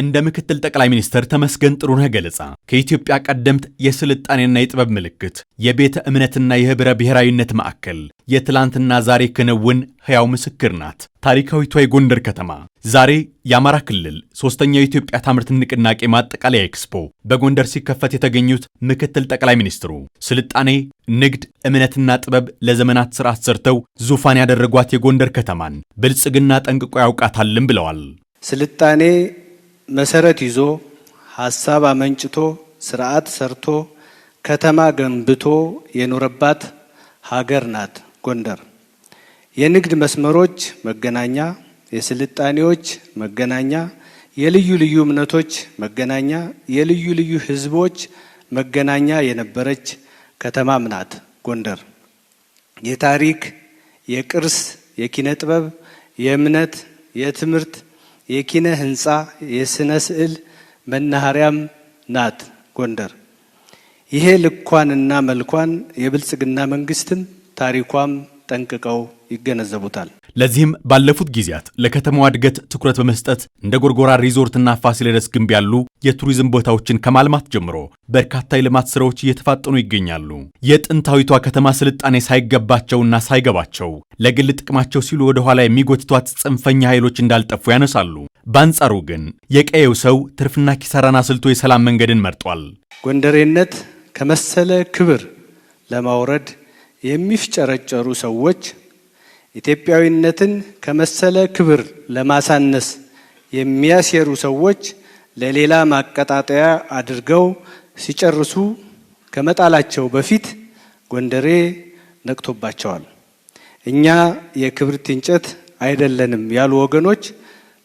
እንደ ምክትል ጠቅላይ ሚኒስትር ተመስገን ጥሩነህ ገለጻ ከኢትዮጵያ ቀደምት የስልጣኔና የጥበብ ምልክት የቤተ እምነትና የህብረ ብሔራዊነት ማዕከል የትላንትና ዛሬ ክንውን ሕያው ምስክር ናት። ታሪካዊቷ የጎንደር ከተማ ዛሬ የአማራ ክልል ሶስተኛው የኢትዮጵያ ታምርት ንቅናቄ ማጠቃለያ ኤክስፖ በጎንደር ሲከፈት የተገኙት ምክትል ጠቅላይ ሚኒስትሩ ስልጣኔ፣ ንግድ፣ እምነትና ጥበብ ለዘመናት ስርዓት ሰርተው ዙፋን ያደረጓት የጎንደር ከተማን ብልጽግና ጠንቅቆ ያውቃታልም ብለዋል። ስልጣኔ መሰረት ይዞ ሀሳብ አመንጭቶ ስርዓት ሰርቶ ከተማ ገንብቶ የኖረባት ሀገር ናት ጎንደር። የንግድ መስመሮች መገናኛ፣ የስልጣኔዎች መገናኛ፣ የልዩ ልዩ እምነቶች መገናኛ፣ የልዩ ልዩ ህዝቦች መገናኛ የነበረች ከተማም ናት ጎንደር። የታሪክ፣ የቅርስ፣ የኪነ ጥበብ፣ የእምነት፣ የትምህርት የኪነ ህንፃ የስነ ስዕል መናኸሪያም ናት ጎንደር። ይሄ ልኳንና መልኳን የብልጽግና መንግስትም ታሪኳም ጠንቅቀው ይገነዘቡታል። ለዚህም ባለፉት ጊዜያት ለከተማዋ እድገት ትኩረት በመስጠት እንደ ጎርጎራ ሪዞርትና ፋሲለደስ ግንብ ያሉ የቱሪዝም ቦታዎችን ከማልማት ጀምሮ በርካታ የልማት ስራዎች እየተፋጠኑ ይገኛሉ። የጥንታዊቷ ከተማ ስልጣኔ ሳይገባቸውና ሳይገባቸው ለግል ጥቅማቸው ሲሉ ወደ ኋላ የሚጎትቷት ጽንፈኛ ኃይሎች እንዳልጠፉ ያነሳሉ። በአንጻሩ ግን የቀየው ሰው ትርፍና ኪሳራን አስልቶ የሰላም መንገድን መርጧል። ጎንደሬነት ከመሰለ ክብር ለማውረድ የሚፍጨረጨሩ ሰዎች ኢትዮጵያዊነትን ከመሰለ ክብር ለማሳነስ የሚያሴሩ ሰዎች ለሌላ ማቀጣጠያ አድርገው ሲጨርሱ ከመጣላቸው በፊት ጎንደሬ ነቅቶባቸዋል። እኛ የክብሪት እንጨት አይደለንም ያሉ ወገኖች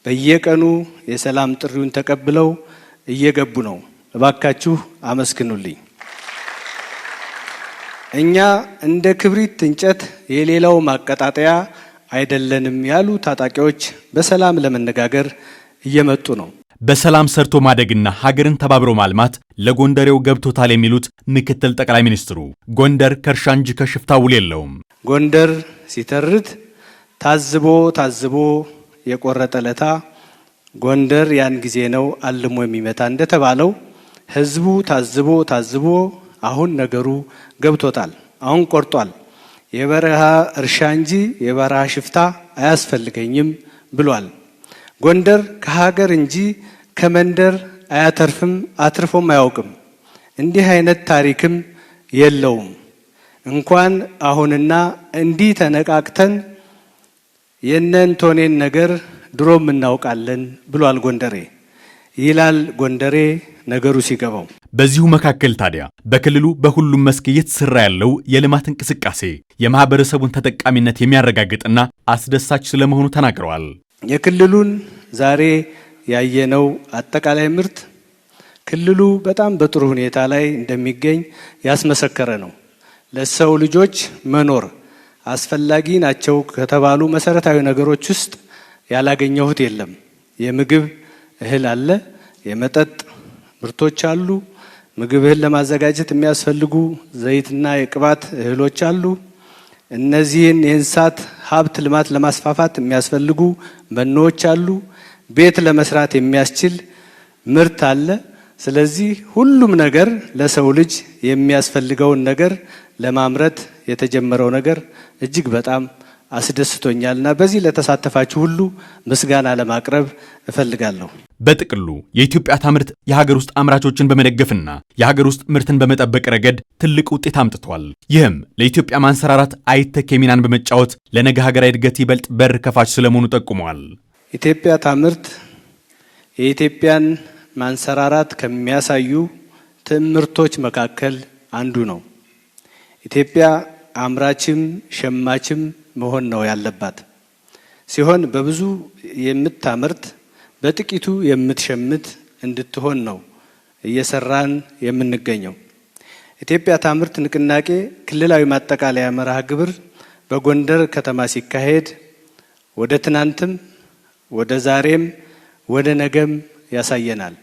በየቀኑ የሰላም ጥሪውን ተቀብለው እየገቡ ነው። እባካችሁ አመስግኑልኝ። እኛ እንደ ክብሪት እንጨት የሌላው ማቀጣጠያ አይደለንም ያሉ ታጣቂዎች በሰላም ለመነጋገር እየመጡ ነው። በሰላም ሰርቶ ማደግና ሀገርን ተባብሮ ማልማት ለጎንደሬው ገብቶታል የሚሉት ምክትል ጠቅላይ ሚኒስትሩ ጎንደር ከእርሻ እንጂ ከሽፍታ ውል የለውም። ጎንደር ሲተርት ታዝቦ ታዝቦ የቆረጠ ለታ ጎንደር ያን ጊዜ ነው አልሞ የሚመታ እንደተባለው ህዝቡ ታዝቦ ታዝቦ አሁን ነገሩ ገብቶታል። አሁን ቆርጧል። የበረሃ እርሻ እንጂ የበረሃ ሽፍታ አያስፈልገኝም ብሏል። ጎንደር ከሀገር እንጂ ከመንደር አያተርፍም፣ አትርፎም አያውቅም። እንዲህ አይነት ታሪክም የለውም። እንኳን አሁንና እንዲህ ተነቃቅተን ቶኔን ነገር ድሮም እናውቃለን ብሏል ጎንደሬ ይላል ጎንደሬ ነገሩ ሲገባው። በዚሁ መካከል ታዲያ በክልሉ በሁሉም መስክ እየተሰራ ያለው የልማት እንቅስቃሴ የማህበረሰቡን ተጠቃሚነት የሚያረጋግጥና አስደሳች ስለመሆኑ ተናግረዋል። የክልሉን ዛሬ ያየነው አጠቃላይ ምርት ክልሉ በጣም በጥሩ ሁኔታ ላይ እንደሚገኝ ያስመሰከረ ነው። ለሰው ልጆች መኖር አስፈላጊ ናቸው ከተባሉ መሰረታዊ ነገሮች ውስጥ ያላገኘሁት የለም። የምግብ እህል አለ፣ የመጠጥ ምርቶች አሉ፣ ምግብ እህል ለማዘጋጀት የሚያስፈልጉ ዘይትና የቅባት እህሎች አሉ። እነዚህን የእንስሳት ሀብት ልማት ለማስፋፋት የሚያስፈልጉ መኖዎች አሉ። ቤት ለመስራት የሚያስችል ምርት አለ። ስለዚህ ሁሉም ነገር ለሰው ልጅ የሚያስፈልገውን ነገር ለማምረት የተጀመረው ነገር እጅግ በጣም አስደስቶኛል እና በዚህ ለተሳተፋችሁ ሁሉ ምስጋና ለማቅረብ እፈልጋለሁ። በጥቅሉ የኢትዮጵያ ታምርት የሀገር ውስጥ አምራቾችን በመደገፍና የሀገር ውስጥ ምርትን በመጠበቅ ረገድ ትልቅ ውጤት አምጥቷል። ይህም ለኢትዮጵያ ማንሰራራት አይተኬ ሚናን በመጫወት ለነገ ሀገራዊ እድገት ይበልጥ በር ከፋች ስለመሆኑ ጠቁመዋል። ኢትዮጵያ ታምርት የኢትዮጵያን ማንሰራራት ከሚያሳዩ ትምህርቶች መካከል አንዱ ነው። ኢትዮጵያ አምራችም ሸማችም መሆን ነው ያለባት ሲሆን በብዙ የምታመርት በጥቂቱ የምትሸምት እንድትሆን ነው እየሰራን የምንገኘው። ኢትዮጵያ ታምርት ንቅናቄ ክልላዊ ማጠቃለያ መርሃ ግብር በጎንደር ከተማ ሲካሄድ ወደ ትናንትም ወደ ዛሬም ወደ ነገም ያሳየናል።